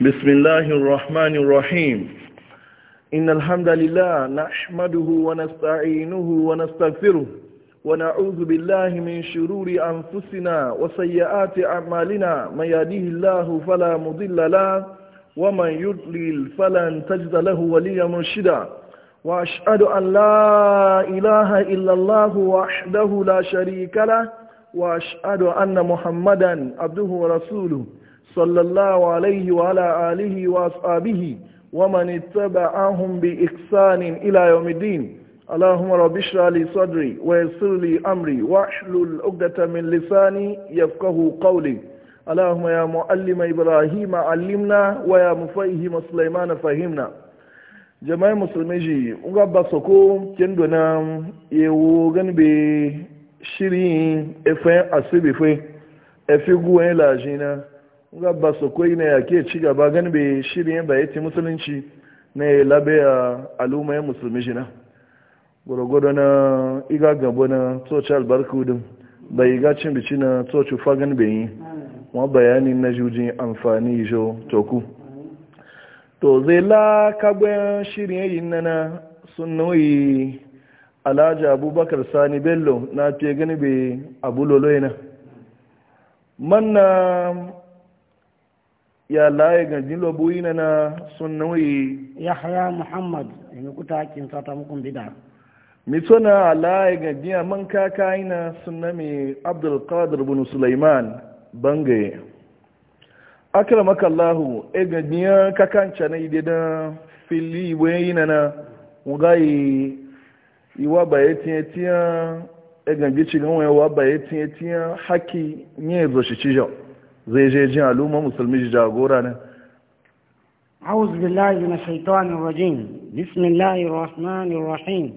بسم الله الرحمن الرحيم إن الحمد لله نحمده ونستعينه ونستغفره ونعوذ بالله من شرور أنفسنا وسيئات أعمالنا من يديه الله فلا مضل له ومن يضلل فلن تجد له وليا مرشدا وأشهد أن لا إله إلا الله وحده لا شريك له وأشهد أن محمدا عبده ورسوله صلى الله عليه وعلى آله وأصحابه ومن اتبعهم بإحسان إلى يوم الدين اللهم رب اشرح لي صدري ويسر لي أمري واحلل عقدة من لساني يفقه قولي اللهم يا معلم إبراهيم علمنا ويا مفهم سليمان فهمنا jama'i musulmi ji nga ba soko kendo na yewu gani be shirin efe asibi fe efi guwen lajina gaba su kwai na yake ci gaba gani bai shirin ba ci musulunci na ya labe a alumayen musulmi jina gwargwado na iga gabo na tsoci albarku din bai iga cin bici na tsoci fagan bai yi wa bayani na jujin amfani jo toku to zai la kagbayan shirin yi nana sun nauyi alhaji abubakar sani bello na fiye gani bai abu lolo yana manna ya laye ga jin lobuyi na na sunnoyi yahya muhammad in ku ta kin sata mukun bida mi sona laye ga jin man ka na sunnami abdul qadir ibn sulaiman bangaye akramaka allah e ga jin ka na ide da fili wayi na na ugai iwa bayetin e tiya e ga jin ci gan wa bayetin e tiya haki ne zo shi زيجي je jin al'umma musulmi ji jagora أعوذ بالله من الشيطان الرجيم بسم الله الرحمن الرحيم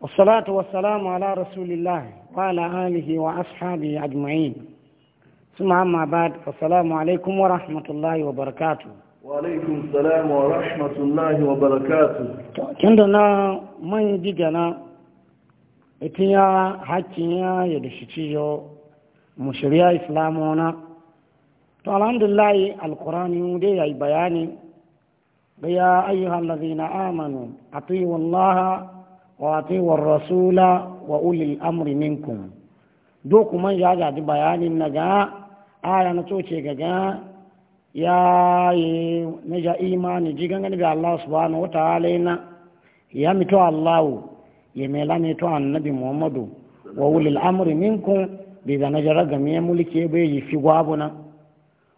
والصلاة والسلام على رسول الله وعلى آله وأصحابه أجمعين ثم أما بعد فالسلام عليكم ورحمة الله وبركاته وعليكم السلام ورحمة الله وبركاته عندنا من جدنا إتيا حكيا يدشتيو مشريا إسلامنا to alhamdulillahi alkurani mu dai yayi bayani ga ya ayyuhal ladina amanu atiu allaha wa atiu rasula wa ulil amri minkum do kuma ya jadi bayanin na ga aya na toce ga ga ya yi na ja imani ji gangan bi allah subhanahu wa ta'ala na ya mito allah ya mela ne annabi muhammadu wa ulil amri minkum bi da na jara ga mulke bai yi fi gwabuna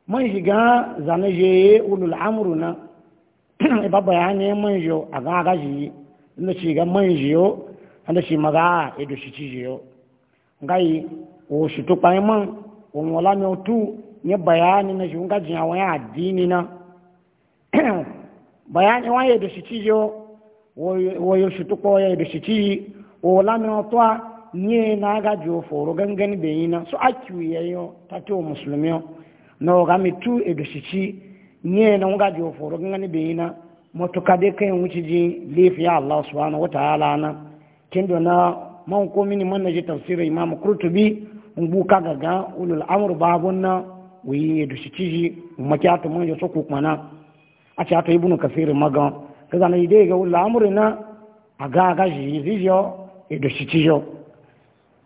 man shiga zane je ulul amru na ba bayani man jo a ga ga ji inda shi ga man jo anda shi maga edo shi ci jo ngai o shi to pai man o mola me tu bayani na shunga jin awon adini na bayani wa edo shi ci jo wo yo shi edo shi ci o la me nye na ga foro gangan be yina so akiwi yo tato muslimiyo na oga tu edoshici nye na nga ji oforo ngani beyina matuka de kai wuci ji lefi Allah subhanahu wataala na kindo na man ko mini man naji tafsirin Imam Qurtubi mbuka gaga ulul amr babun na wi edoshici ji makiyato mun yo soku kuma a ci ato ibnu kasir maga kaza na ide ga ulul amr na aga aga ji zijo edoshici jo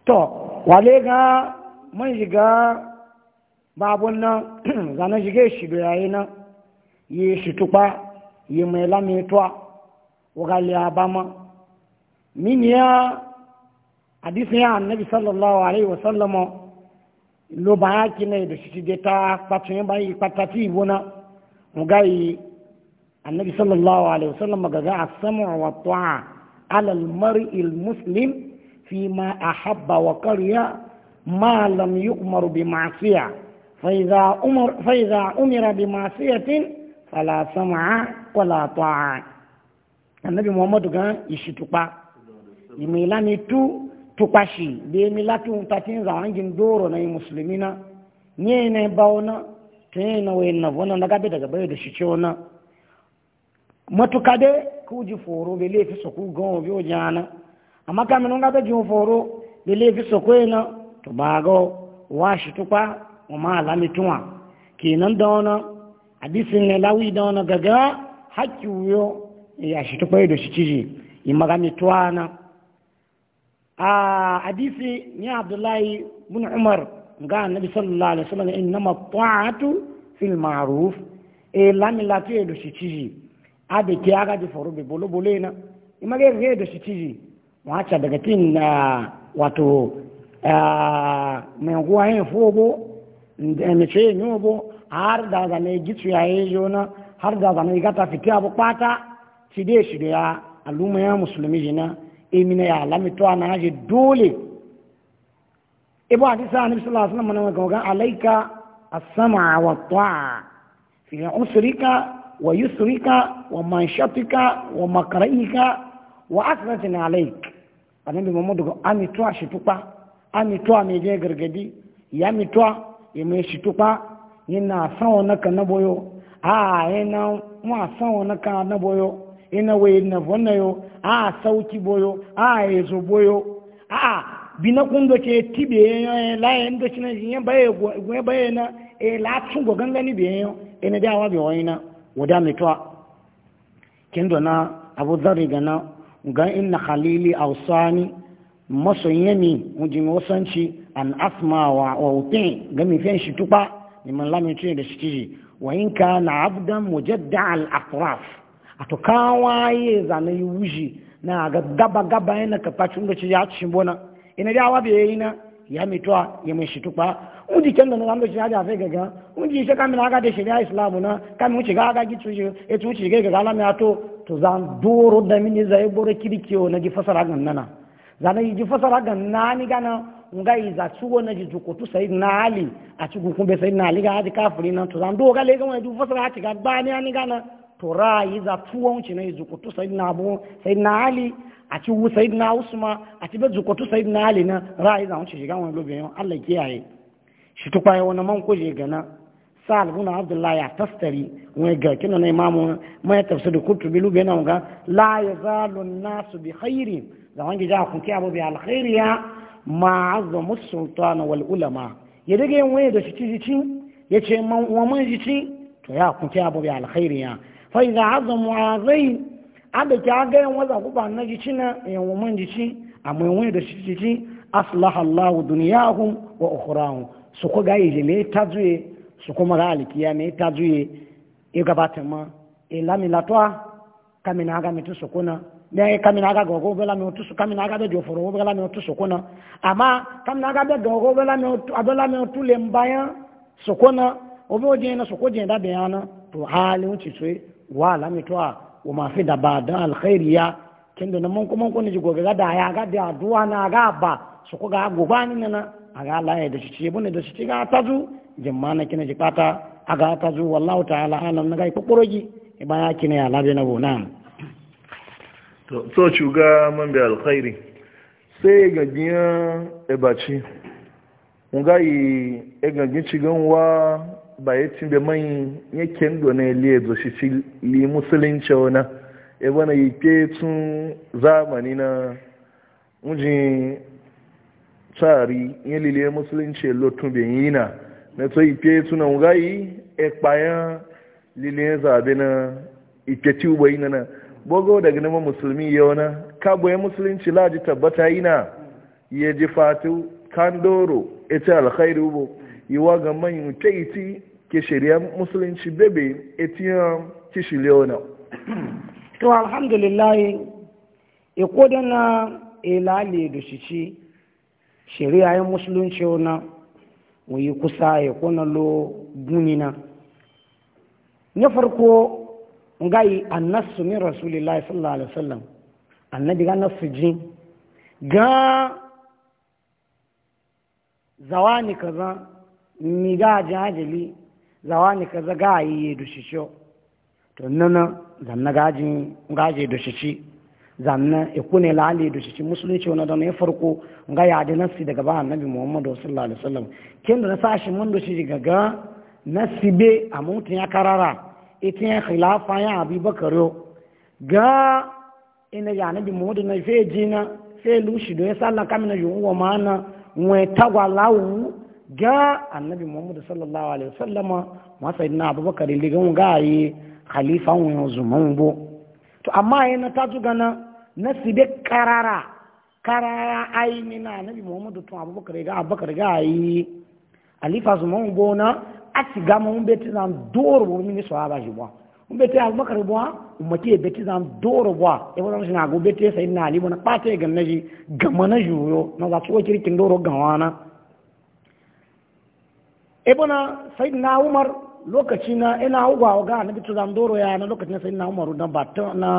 to wale ga man shiga Babu na zana shige shi do yayi na, yi shi tupa yi mai lami tuwa wagali abama miniya hadisin ya annabi sallallahu alaihi wasallam lo baya kine da shi de ta patun ba yi patati ibona yi annabi sallallahu alaihi wasallam gaga as-sam'u wa ta'a ala al-mar'i al-muslim fima ahabba wa qarya ma lam yu'maru bi ma'siyah فإذا أمر, فإذا أمر بمعصية فلا سمع ولا طاعة النبي محمد كان يشتقى يميلاني تو tukwashi da ya milati mutatin zawangin doro na yi musulmi na ne ne ba wani ta yi na wayan na wani na gabe daga bai da shi ce wani matuka dai ku ji foro bai laifi su ku gan obi wajen foro ku na to ba wa ma alami kenan da wani hadisin ne lawi da wani gaga haƙƙi wuyo ya shi tukwai da shi ciji in magami tuwa na a hadisi ni abdullahi bin umar ga annabi sallallahu alaihi wasallam innama ta'atu fil ma'ruf e lami lati do shi ciji a da ke aga di foro be bolo bolo na image re do shi ciji wacha daga tin wato mai guwa yin fogo mace nobo har da zane gitsu ya yi jona har da zane gata fiti abu kwata ci dai shi da ya al'umma ya musulmi jina emina ya lamito a na dole ibu hadisa annabi sallallahu alaihi wasallam ga ga alaika as-sam'a wa ta'a fi usrika wa yusrika wa manshatika wa makraika wa asratin alaik annabi muhammadu ga amitoa shi tupa amitoa je gargadi ya mitoa ime shi tukpa ina sanwa na ka na boyo a ina wa sanwa na na boyo na vonna yo a sauki boyo a ezo boyo a bina kundo ke tibe yo e la shi na yin baye gwe baye na e la tungo ni be yo ina da wa be wayina wada mitwa kendo na abu dharri gana ga inna khalili awsani masoyemi mujin wasanci an asma wa wa uti gami fen shi tupa ni man lami yuti da shi ji wa in kana abdan mujadda al atraf atokawa ye zana yuji na ga gaba gaba yana ka pacin da ci ya ci bona e ina ya wa biye ina ya mitwa ya mun shi tuba undi kenda na ndo ci ya fe ga gaga undi shi kamina ga da shari'a islam na kamin shi ga ga gitu ji e tu ci ga ga lami ato to zan doro da mini zai e boro kirkiyo na gi fasara ganna na zana yi ji fasara ganna ni gana ngai za tuwo na jijuko tu sai na ali a cikin kumbe sai na ali ga haji na nan to zan do ga lega wani du fasara hati ga bani ani gana to rayi za tuwo unci na jijuko tu sai na abu sai na ali a ci wu sai na usma a be jijuko tu sai na ali na rayi za unci shiga wani lobe yau Allah kiyaye shi to kwaye wani man kuje gana sa'al bin abdullahi ya tastari wani ga kina na imamu mai tafsir kurtubi lube na ga la yazalu nasu bi khairin da wangi ja kun kiyabu bi alkhairiya ma'azamu sultana wal ulama ya dage yin waye da shi jici ya ce wa man jiki to ya kunta ya babu alkhairi ya fa idza azamu azai ada ki ga yin waza ku ba na jiki na ya wa man jici amma waye da shi jici aslaha Allah dunyahum wa ukhrahum su ku ga yi le tazuye su kuma ga alkiya ne tazuye ya gabata ma e latwa, kamina ga mitu sukuna dai kamina bɛ gogo bela mi tusu kamina ga be joforo bela tusu otu a ma kamina ga be o bela mi otu abela o tu le mbaya bɛ o diɲɛ na diɲɛ da be yana to hali uchi wa wala mi a o ma fi da bada dan khairiya kendo na mon ko mon ko ni gogo ka da ya ka da duwa na ka ba soko ga ni nana a ka la ya da shi e bune da shi ga tazu jama na kina jikata aga tazu wallahu ta'ala ala na ga kokoroji ibaya e kina ya labe na bo na. so cuga man bi alkhairi sai gagiya ebachi ngayi egagin cigan wa bayetin da man yake ndo na ile zo e shi ci li musulunci e wana e bana yake tun zamani na mujin tsari nye lile musulunci lotun be yina na to ipe na ngayi e payan lile zabe na ipe ti ubayi na na bogo daga nama musulmi yawana kabo ya musulunci laji tabbata ina ya ji fatu kandoro ita alkhairu yi yiwa ga manyan taiti ke shirya musulunci bebe etiyan kishi leona to alhamdulillah ikodana e ilali e da shici shirya yin musulunci na mu yi kusa ya kuna lo gunina na farko ngai annasu min rasulillahi sallallahu alaihi wasallam annabi ga nasu jin ga zawani kaza mi ga jajili zawani kaza ga yi dushisho to nana zanna gaji gaje dushishi zanna ikune lali dushishi musulunci wani don ya farko ya yadi nasi daga ba annabi muhammadu sallallahu alaihi wasallam kin da na sashi mun dushi ga ga nasibe a mutun ya karara ita khilafa ya abi bakaro ga ina ya nabi muhammadu na fe jina fe lushi don sallah kamina yuwa mana wai tagwalawu ga annabi muhammadu sallallahu alaihi wasallama ma na abubakar ga gaye khalifa wani zuman bo to amma yana ta tuga na sibe karara karara ai mina annabi muhammadu tun abubakar ga abubakar ga yi alifa zuman bo na ati gama mun beti zan doro bo mini sahaba ji bo un beti abubakar bo ummati e beti zan doro bo e bo na go beti sai na ali bo na pate ga naji gama na juyo na za ko kirkin doro gawana e na sai na umar lokaci na ina uwa ga annabi to zan doro ya na lokacin sai na umar dan ba na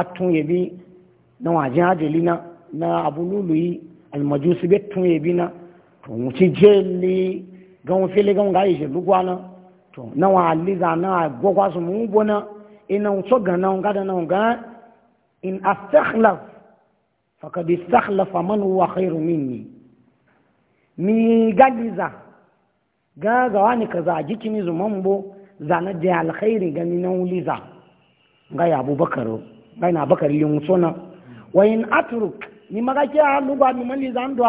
atun yebi na wajen ajalina na abu luluyi almajusi betun yebi na to mu ci jeli gawon fili gawon ga ishe duk na to na wa liza na gwagwa su mu na ina e so ga na ga da na ga in astakhlaf faqad istakhlafa man huwa khairu minni mi ga liza ga ga wani kaza jikini zuman bo zana da alkhairi ga ni na liza ga ya abubakar ga na bakar yin sona wa in atruk ni maga a lugwa mi maliza ndo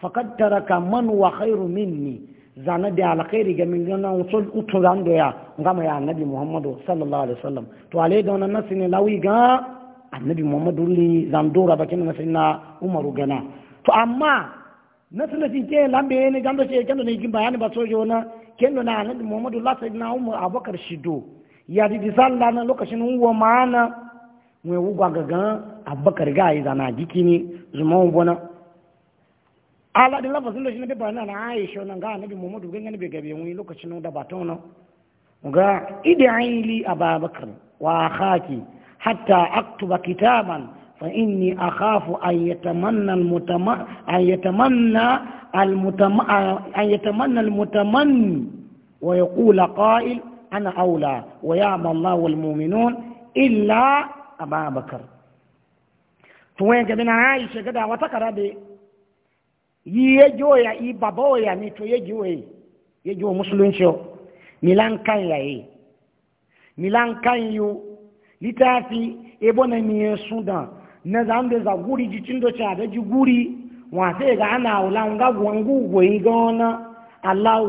faqad taraka man huwa khairu minni zana da alkhairi ga min gana wasu utu zan da ya ngama ya annabi muhammadu sallallahu alaihi wasallam to ale da wannan nasi ne lawi ga annabi muhammadu li zan dora bakin nasi na umaru gana to amma nasi na ke lambe ne gando ce kendo ne kin bayani ba sojo na kendo na annabi muhammadu la na umar abakar shido ya di sallah na lokacin uwa ma'ana mu yi ga ga abakar ga yi zana gikini zuma wubona ala din lafazin lokacin da bana na aisha nan ga annabi muhammadu gan annabi gabe mu lokacin da ba tauna ga idi aili ababakar wa khaki hatta aktuba kitaban fa inni akhafu an yatamanna almutamanna an yatamanna almutamanna an yatamanna almutamanni wa yaqula qa'il ana aula wa ya'ma Allahu mu'minun illa ababakar to wai gabe na aisha gada wata karabe yiye ya joya i baba ni to ya joye ya jo musulunci milan kan yaye milan kan yo litafi ebo na mi e sudan na zan za guri jicin do cha da ji guri wa sai ga ana wala nga gwangu goyi gona allah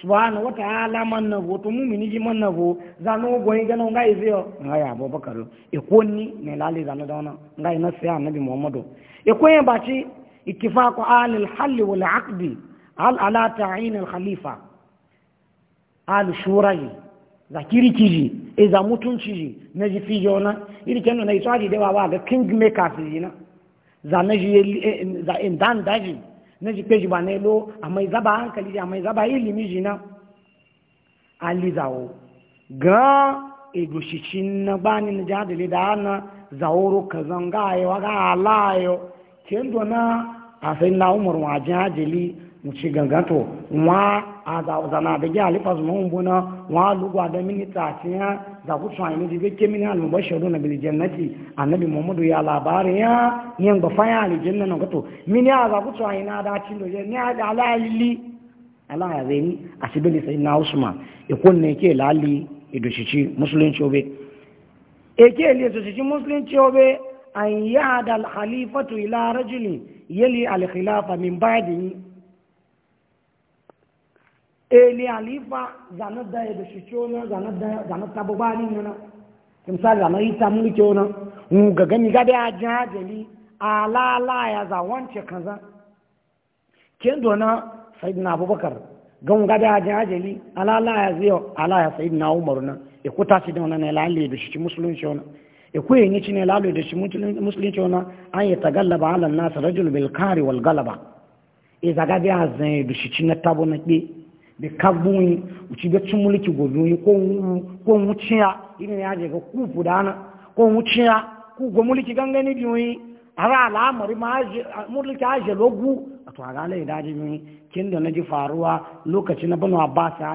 subhanahu wa ta'ala man na bo to mumini ji man na bo zanu goyi gana nga izio nga ya abubakar e konni ne lale zanu da ona nga ina sai annabi muhammadu e koyen baci اتفاق أهل الحل والعقد ala على تعيين khalifa أهل الشورى zakiri kiji e za mutunci ji na ji fi jona iri kenan na isaji da wa ga king maker su na za na ji za in dan daji na ji peji ba na lo amma zaba hankali ji amma zaba ilimi ji na ali zawo ga egoshicin na bani na jadali da ana zaworo kazan ga ayewa ga alayo kendo na afin na umar wajen hajjili mu ci gangato wa a zana da gya alifa zuma na wa lugwa da minita ci ya za ku tsaye ne jibe ke mini almubashiru na biljannati annabi muhammadu ya labarin ya yin ba faya aljanna na gato mini a za ku tsaye na da cin doje ni a da alayili ala ya zai a sibili sai na usman ikon ne ke lali idoshici musulunci obe eke ile idoshici musulunci obe an yada al-khalifatu ila rajulin yali al-khilafa min ba'dihi eli alifa zana da ya shi chona zana da zana tabobani nana kimsal zana yi mulki ona mu ga gani ga da jajali ala la ya za wance kaza kin dona sayyidina abubakar gan ga da jajali ala la ya ziyo ala ya sayyidina umar na ikuta shi dona ne lalle da shi musulunci ona ikuyin yi cine lalo da shi musulunci wani an yi ta gallaba halar nasa rajul bil kari wal galaba e zaga bi a zan yi dushi cina na tabo na ɗe bi kagbunyi uci da cin mulki gobe ko wuciya ina ya je ga kufu da ana ko wuciya ku go mulki gangani biyu yi ra al'amari ma mulki je logu a to aga lai daji biyu kin da na ji faruwa lokaci na bano abasa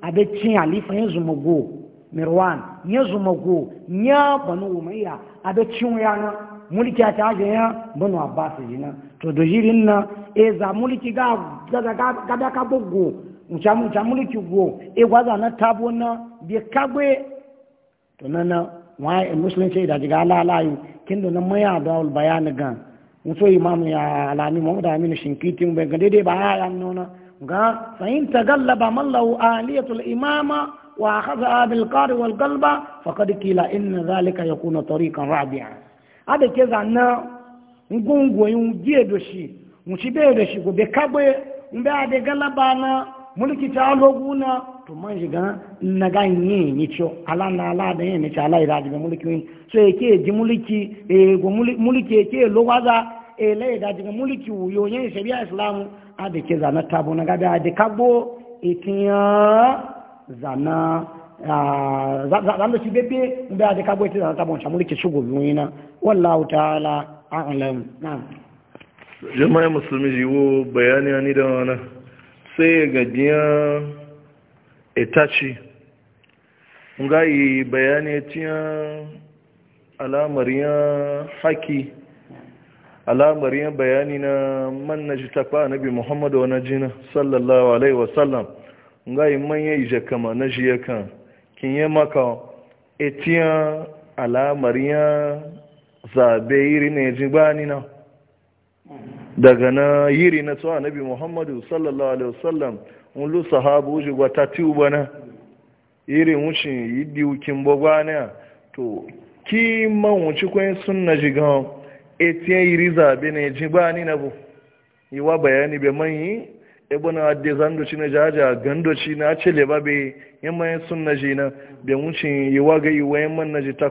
abe cin halifa yin zumago mirwan ya go ya banu umayya a da cin yana mulki a ta ya banu abbas jina to da jirin na e za mulki ga gada ka bugu mucha mulki go e gwaza na tabo na bi kagbe to na na muslim musulunci da jiga lalayi kin da na maya da bayani gan mutu imam ya alani muhammad amin shinkitin bai ga dai ba ya nuna ga fahimta gallaba mallahu aliyatul imama وأخذها بالقار والقلب فقد قيل إن ذلك يكون طريقا رابعا هذا كذا أن نقوم ونجيد شيء ونشبه شيء وبكبه وبعد قلبنا mulki ta loguna to man shiga na ganye ni cho ala na ala da yin ala ala ira daga mulki so yake ji mulki e go mulki yake logwaza e lai da daga mulki yo yin shari'a islamu a da ke zana tabo zana ah, zanda shi bebe da ya kagbo ita zana tabon ke rike shigo biyu na wallahu ta'ala a'lam na'am jama'a musulmi jiwo bayani ni da wana sai ga jiya itaci nga yi bayani tiya ya haki alamariyan bayani na man na ji takwa nabi muhammadu wa na jina sallallahu alaihi wasallam ngayi manya ije kama na jiye kan Kin yi maka etiyan alamariyan zaɓe yiri na yaji gbani na daga na yiri na tsawa nabi muhammadu sallallahu alaihi wasallam ulu sahabu uji gwata tuba na yiri wuce yi diukin bogwaniya to ki man wuce kwayin sun na jigan etiyan yiri zaɓe na yaji gbani na bu yi wa bayani bai manyi ebona wadda zando na jaja gandoci na ce leba bai yin mayan sunna jina na da wucin yi waga yi wayan man na ji ta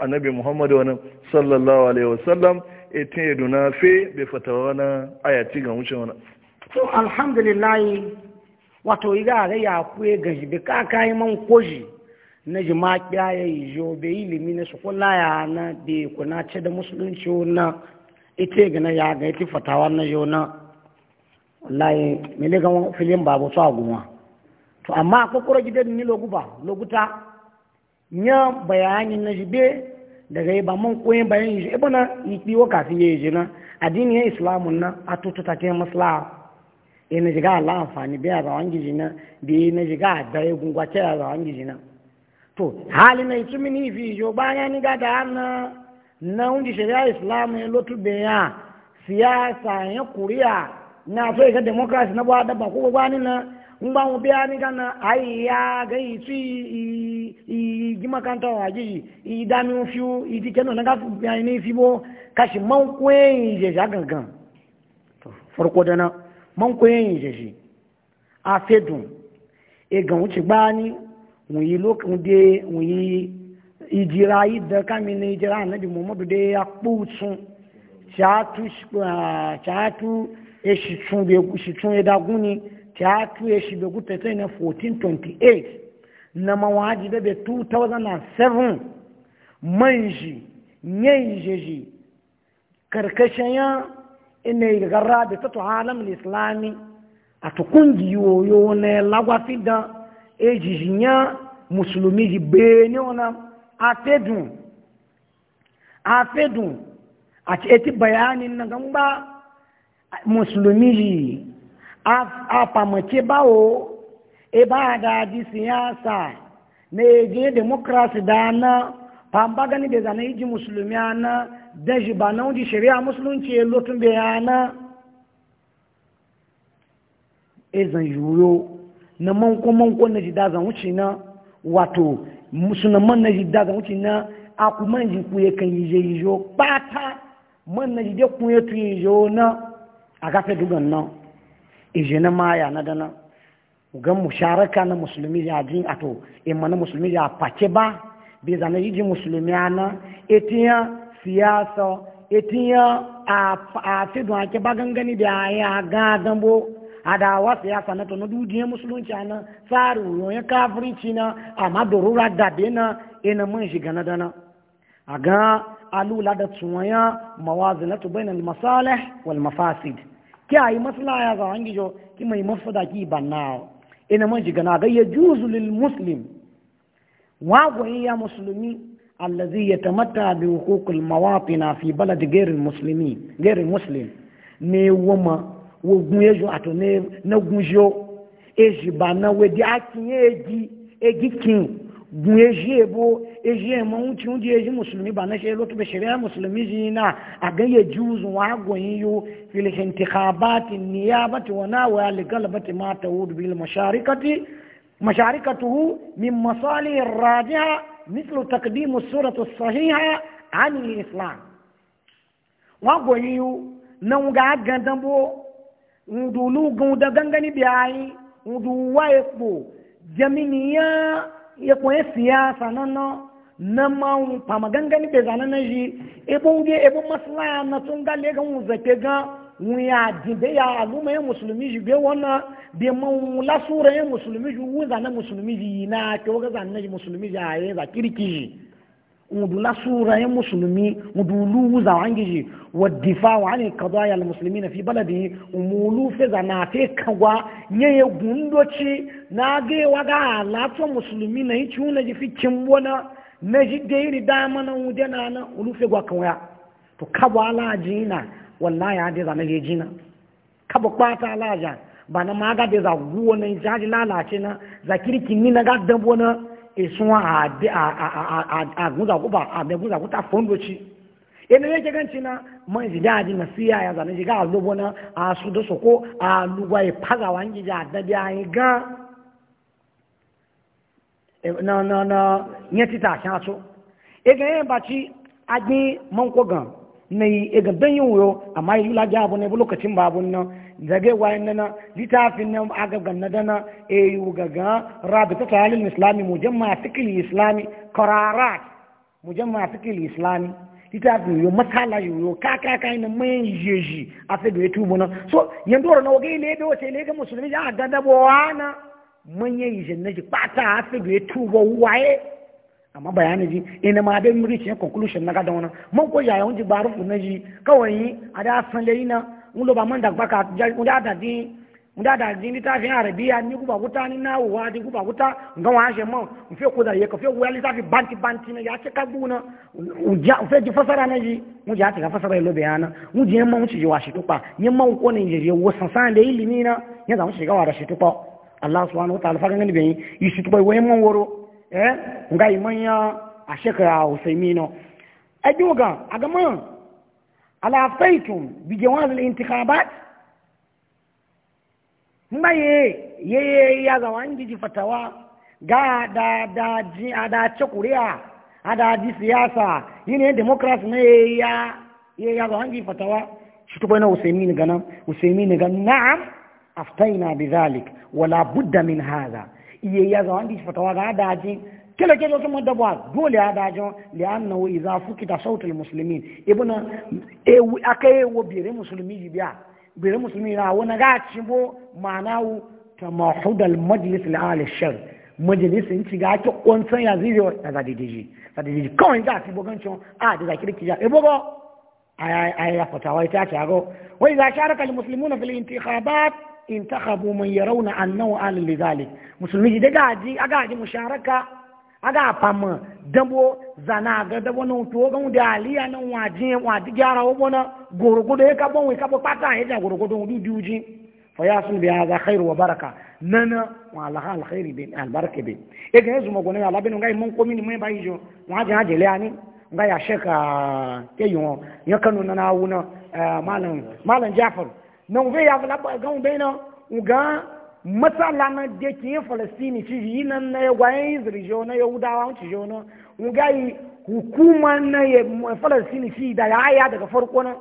annabi muhammadu wani sallallahu alaihi wa sallam ete na fe bai fatawa na ayati ga wucin wani to alhamdulillah wato yi ga ya kuye ga shi ka man koji na ji ya yi jo bai ilimi na su kula ya na bai kuna ce da musulunci na ita ga na ya ga ita fatawa na jo na wallahi me le gan filin babu so agunwa to amma kokoro gidan ni loguba loguta nya bayani na jibe daga ba mun koyin bayani shi ibana yi wa kafin yayi jina addini ya islamu na atutu take maslaha e na jiga Allah amfani biya ba wangi jina bi na jiga da ya gungwace ba wangi jina to hali na itu mini fi jo bana ni ga da na na undi sharia islamu ya lotu be ya siyasa ya kuriya na so ga democracy na bwa da ba ko gwani na ngba mu biya ni kana ai ya ga yi tsi i gi makanta wa gi i da mi fiu i di kenan na ga biya ni fi bo kashi man kwen je ja gangan farko da na man kwen je shi a fedun e ga wuce gbani mu yi lokacin de mu yi ijira yi da kami na ijira annabi muhammadu de ya kputsun shatu shatu shi tun ya daguni ta tuye eshi be guta sai na 1428 na mawaji da be 2007 manji shi yan karkashin ya ina yi da ta halam islami a yoyo ne na lagwafi da ejijinya musulmi ji bene ona a fedun a ce eti bayanin na gamba musulumi yi afamace bawo e ba da ji siyasa na eje demokrasi da na famba gani da zane iji musulmi na da shi ba na wuji shari'a musulunci ya lotun da ya na ezan yuyo na manko-manko na ji dazan wuce na wato musulman na ji dazan wuce na akuman ji kuye kan yi je yi jo pata man na ji dai kuye tuye jo na a gafe dugan nan ijina maya na dana ga musharaka na musulmi ya ato imma na musulmi ya face ba bai zane yiji musulmi ana etiyan siyasa etiyan a fidon ake ba gangani da ya ga dambo adawa siyasa na tono dudiyar musulunci na tsari yoyin kafirci na amma dorura dabe na ina mun shiga na dana a ga alula da tsuwaya mawazinatu bainal masalih wal mafasid ki ayi maslaha ga wangi jo ki mai mafsada ki banna ina man jiga na ga juzu lil muslim wa goyi ya muslimi allazi yatamatta bi huquqil mawatina fi balad ghairil muslimi ghairil muslim ne woma wo gun ejo ato e na gunjo eji banna we di akin eji egikin gun eji ebo eji emo ŋuti ŋuti eji musulmi ba na se lo tobe shari'a musulmi ji na a gan ye juzu wa goyi yo fil intikhabati niyabati wa nawa li galabati ma tawud bil masharikati masharikatuhu min masalih rajiha مثل تقديم السورة الصحيحة عن الإسلام وقوي نوغا غندبو ودولو غودا غنغني بياي ودو وايقبو جمينيا ya kwaye siyasa e e na na na mawun fama gangani ke zane na shi ebon ge ebon maslaya na tun ga legan zake ga wuya jibe ya aluma ya musulmi shi be wana be mawun lasura ya musulmi shi wun zane musulmi yi na ke waga zane na shi musulmi shi a yi za kirki shi ودو نصورة مسلمي ودو لوزة زعانجي والدفاع عن القضايا المسلمين في بلده ومولو في زناتي كوا نيه غندوشي ناجي وغا لاتو مسلمين يتشون في كمبونا نجي ديري دامنا ودنانا ولو في غاكوا تو كبو على جينا والله عادي زنجي جينا كبو قاتا على جان بانا na maga da zaguwa na jaji lalace na zakirki ni a isun agunzakuba agunzakuta fondoci yana yake ganci na man jiga adi na siya ya zane jiga a lobo na a su da soko a lugwa ya faga wangi ja da biya yi ga na na na nyetita a kyan so e ga yin baci agbin man kogan na yi iga don yin wuyo amma yi lula abu ne bu lokacin babu nan zage wayan nana littafin nan agagan na dana e yi gaga rabi ta tsayalin islami mujamma fikil islami kararat mujamma fikil islami littafin yiwu masala yiwu ka ka ka ina mai jeji a fi da tubu na so yanzu wani wage ne da wace ne ga musulmi ya ga dabowa na manyan yi na ji ta a fi da tubu waye amma bayani ji ina ma dai mu reach conclusion na gadan wannan mun ko yaya wunji barufu na ji kawai a da san le ina mun lo ba man da baka mun da da din mun da da din ta fi arabiya ni ku ba wuta ni na wa di ku ba wuta nga wa she mo mu fe ko da ye ka fe wa ta fi banti banti na ya ce ka na u ja fe ji fasara na ji mu ja ta ka fasara lo mu mun ci ji wa shi tupa ni mun ko ne je wo san san da ilimi na ya za mu shiga wa da shi tupa Allah subhanahu wa ta'ala fa ganin yi shi mun woro Eh? ngai manya a shekara usaimino a duga a gama alafaitun bijewazil intikabat nga ye ye ya ga wangi ji fatawa ga da da ji a da ce kuriya a da ji siyasa yini demokrasi na ye ya ye ya ga wangi fatawa shi tukwai na usaimino ganan usaimino ganan na'am aftaina bi zalik wala budda min hadha iye ya za wanda fatawa ga daji kila kila kuma da ba dole ya daji li annahu idha fukita sautul muslimin ibuna e akai wo bire muslimi biya bire muslimi na wona ga cimbo manawu tamahud al alal shar majlis in ci ga ki konsan ya zire ya za didiji za didiji kawai ga ti bo cin a da za kirki ja e bogo aya ya fatawa ita ta go wai za sharaka al muslimuna fil intikhabat intakhabu man yarawna annahu alil lidhalik musulmi ji daga ji aga ji musharaka aga fama dabo zana ga dabo no to ga da aliya nan waje waje gyara wo bona gorogodo ya kabon we kabo pata ya da gorogodo du duji fa yasul bi hadha khairu wa baraka nana wa la hal khair bin al baraka bin e ga yanzu magona ya labin ngai mun komi ni mai bai jo wa ja je le ani ngai ya sheka ke yo ya kanu na na wuna malam malam jafar na nwe ya bala ba ga nwe na nga masala na de ki falastini ci yi nan na ya gwaye izri jo na yahudawa ci jo na nga yi hukuma na ya falastini ci da ya ya daga farko na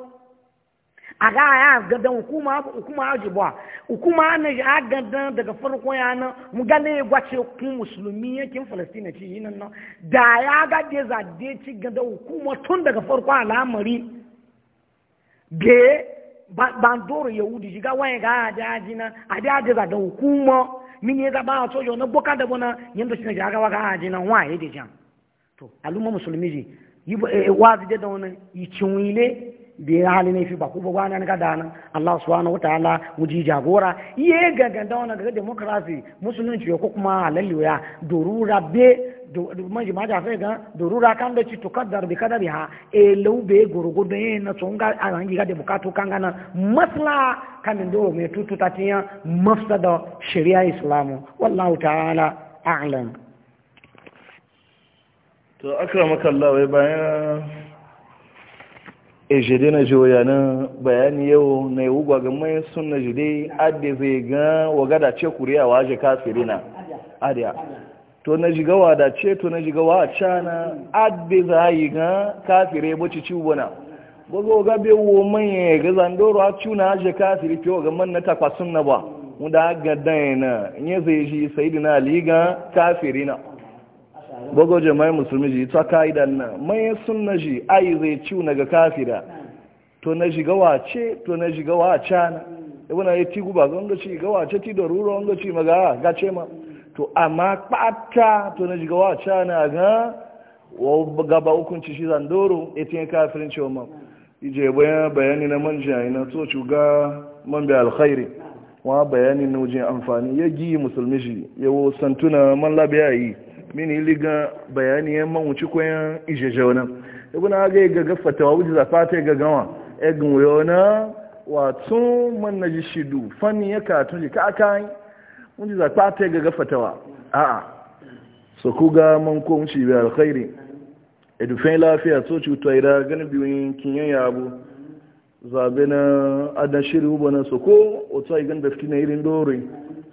a ga ya gadan hukuma hukuma ajibwa hukuma na ya gadan daga farko ya na mu ga ne gwace ku musulmi kin falastini ci yi nan na da ya ga de za de ci gadan hukuma tun daga farko al'amari ge bandoro yahudi shiga waya ga ajaji na ajaji za da hukuma mini ya ba to yo na boka da bona yanda shi ga ga ajaji na wa ya dejan to alumma musulmi ji yi e, e, wazi da wannan yi cinwile da ya hali ne fi ba ku ba gwana ga dana Allah subhanahu wataala muji jagora iye ga ga da wannan ga demokrasi musulunci ko kuma halalliya dorura be man ji maja fe ga durura kan da ci to kaddar bi kadari ha e laube gurgudu ne na tsohon a hangi ga da bukatu kan gana masla da do mai tututa tiya mafsa da shari'a islamu wallahu ta'ala a'lam to akramaka makalla wai bayan e jide na joya na bayani yau na yi wugwa ga mai sunna jide adda zai ga wagada ce kuriya waje kafirina adiya to na shiga wadace to na shiga wacana adbe za yi ga kafire bace ciwona gogo ga be wo manye ga zandoro a cuna je kafire fiyo ga man na kwasun na ba Mu da ga dana nye zai ji sayyidina ali ga na gogo jama'i musulmi ji ta kaidan na mai sunna ji ai zai cuna ga kafira to na shiga wace to na shiga wacana ibuna yi tiguba ga wanda ci ga wace ti da ruro wanda ci maga ga ce ma to amma kpata to na jigawa wacha na ga gaba hukunci shi zandoro etin kafirin cewa ma ije bayani na manja ina to shuga man bi alkhairi wa bayani na wajen amfani ya gi musulmi shi wo santuna man labiya yi mini liga bayani ya man wuci koyan ije jauna guna ga ga gafata wa wuji zafata ga gawa egun na wato man na ji shidu fanni ya katun ji ka yi. wani za ta ta gaga fatawa a'a so ku ga man ko shi bi alkhairi edufin lafiya so cuta ira ganin biyun kinyan ya abu zabe na adan shiri uba na so ko otu ai ganin da fitina irin dore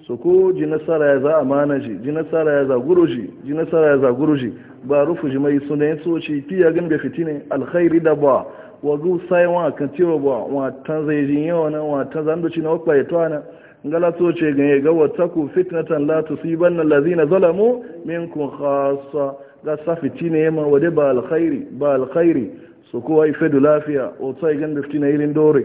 so ko ji nasara ya za a mana ji ji nasara ya za guru ji ji nasara ya za guru ji ba rufu ji mai yin soci fiya ganin da fitina alkhairi da ba wa gu sai wa kan cewa ba wa tan zai ji yawa na wa tanzan zan doci na wakwa ya tana galato ce ganye ga wataku fitnatan la tusibanna allazina zalamu minkum khassa ga safiti ne ma wade ba alkhairi ba alkhairi su kowa ife da lafiya o tsaye gan da fitina irin dore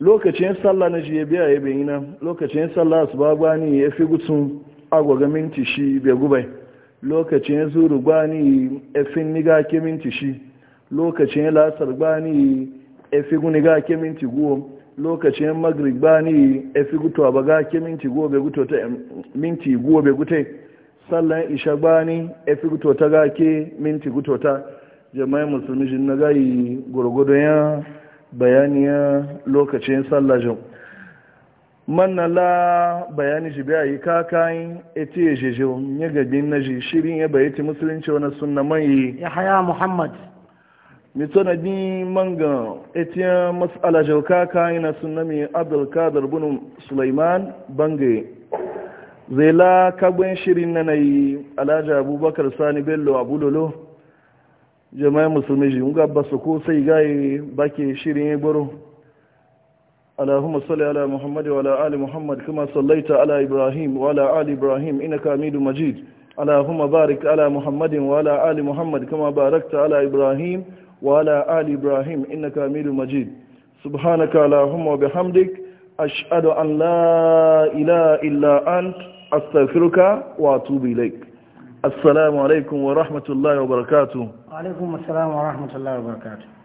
lokacin sallah na shi biya ya bin na lokacin sallah su ba ya fi gutsun agwaga minti shi bai gubai lokacin zuru gwani ya fi niga ke minti shi lokacin lasar gwani ya fi guniga ke minti lokacin magrib ba ni fi guto ba ga ke minti gobe guto ta minti gobe gute sallan isha ba ni fi guto ta ga ke minti guto ta jama'i musulmi shi na gayi gurgudu ya bayani ya lokacin sallajin manna la bayani shi biya yi kakayin eti ya shi ya gabin na shi shirin ya bayyati musulunci wani sunna mai ya haya muhammad mitona bi manga etiya mas'ala jauka kayan na sunna mai abdulkadar bin sulaiman Bange. zai la shirin na nayi alhaji abubakar sani bello abulolo jama'i musulmi ji nga basu ko sai gaye bake shirin ya اللهم صل على محمد وعلى آل محمد كما صليت على إبراهيم وعلى آل إبراهيم إنك حميد مجيد اللهم بارك على محمد وعلى آل محمد كما باركت على إبراهيم وعلى آل إبراهيم إنك أمير مجيد سبحانك اللهم وبحمدك أشهد أن لا إله إلا أنت أستغفرك وأتوب إليك السلام عليكم ورحمة الله وبركاته وعليكم السلام ورحمة الله وبركاته